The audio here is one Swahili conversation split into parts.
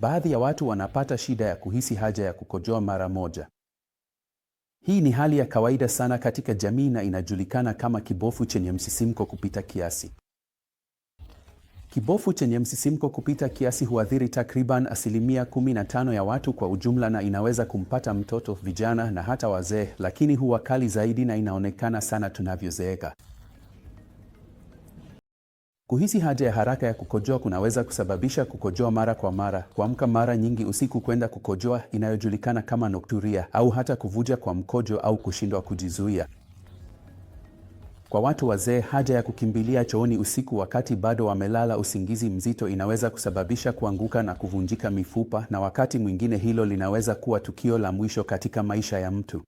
Baadhi ya watu wanapata shida ya kuhisi haja ya kukojoa mara moja. Hii ni hali ya kawaida sana katika jamii na inajulikana kama kibofu chenye msisimko kupita kiasi. Kibofu chenye msisimko kupita kiasi huathiri takriban asilimia 15 ya watu kwa ujumla na inaweza kumpata mtoto, vijana na hata wazee, lakini huwa kali zaidi na inaonekana sana tunavyozeeka. Kuhisi haja ya haraka ya kukojoa kunaweza kusababisha kukojoa mara kwa mara, kuamka mara nyingi usiku kwenda kukojoa inayojulikana kama nokturia, au hata kuvuja kwa mkojo au kushindwa kujizuia. Kwa watu wazee, haja ya kukimbilia chooni usiku wakati bado wamelala usingizi mzito inaweza kusababisha kuanguka na kuvunjika mifupa, na wakati mwingine hilo linaweza kuwa tukio la mwisho katika maisha ya mtu.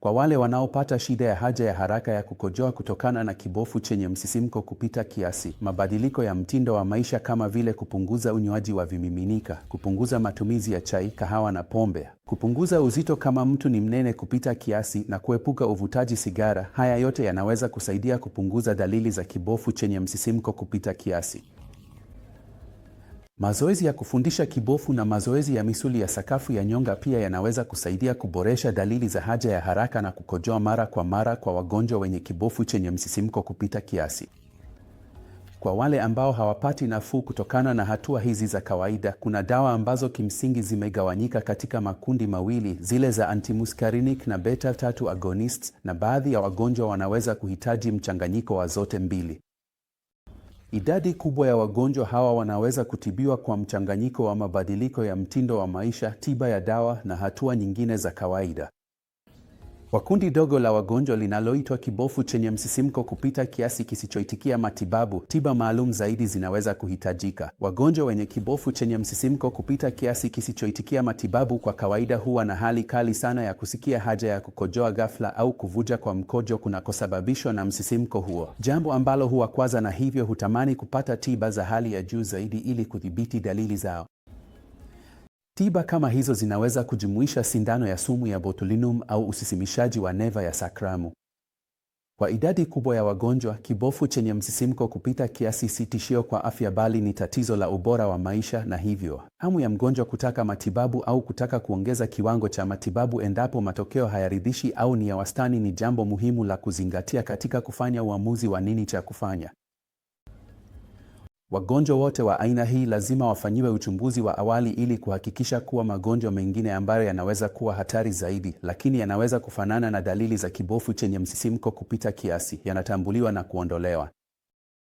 Kwa wale wanaopata shida ya haja ya haraka ya kukojoa kutokana na kibofu chenye msisimko kupita kiasi, mabadiliko ya mtindo wa maisha kama vile kupunguza unywaji wa vimiminika, kupunguza matumizi ya chai, kahawa na pombe, kupunguza uzito kama mtu ni mnene kupita kiasi, na kuepuka uvutaji sigara, haya yote yanaweza kusaidia kupunguza dalili za kibofu chenye msisimko kupita kiasi. Mazoezi ya kufundisha kibofu na mazoezi ya misuli ya sakafu ya nyonga pia yanaweza kusaidia kuboresha dalili za haja ya haraka na kukojoa mara kwa mara kwa wagonjwa wenye kibofu chenye msisimko kupita kiasi. Kwa wale ambao hawapati nafuu kutokana na hatua hizi za kawaida, kuna dawa ambazo kimsingi zimegawanyika katika makundi mawili, zile za antimuscarinic na beta-3 agonists, na baadhi ya wagonjwa wanaweza kuhitaji mchanganyiko wa zote mbili. Idadi kubwa ya wagonjwa hawa wanaweza kutibiwa kwa mchanganyiko wa mabadiliko ya mtindo wa maisha, tiba ya dawa na hatua nyingine za kawaida wa kundi dogo la wagonjwa linaloitwa kibofu chenye msisimko kupita kiasi kisichoitikia matibabu, tiba maalum zaidi zinaweza kuhitajika. Wagonjwa wenye kibofu chenye msisimko kupita kiasi kisichoitikia matibabu kwa kawaida huwa na hali kali sana ya kusikia haja ya kukojoa ghafla au kuvuja kwa mkojo kunakosababishwa na msisimko huo, jambo ambalo huwakwaza na hivyo hutamani kupata tiba za hali ya juu zaidi ili kudhibiti dalili zao. Tiba kama hizo zinaweza kujumuisha sindano ya sumu ya botulinum au usisimishaji wa neva ya sakramu. Kwa idadi kubwa ya wagonjwa, kibofu chenye msisimko kupita kiasi si tishio kwa afya, bali ni tatizo la ubora wa maisha, na hivyo hamu ya mgonjwa kutaka matibabu au kutaka kuongeza kiwango cha matibabu endapo matokeo hayaridhishi au ni ya wastani, ni jambo muhimu la kuzingatia katika kufanya uamuzi wa nini cha kufanya. Wagonjwa wote wa aina hii lazima wafanyiwe uchunguzi wa awali ili kuhakikisha kuwa magonjwa mengine ambayo yanaweza kuwa hatari zaidi, lakini yanaweza kufanana na dalili za kibofu chenye msisimko kupita kiasi, yanatambuliwa na kuondolewa.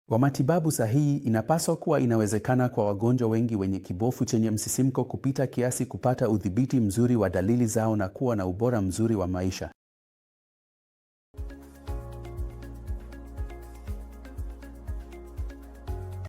Kwa matibabu sahihi, inapaswa kuwa inawezekana kwa wagonjwa wengi wenye kibofu chenye msisimko kupita kiasi kupata udhibiti mzuri wa dalili zao na kuwa na ubora mzuri wa maisha.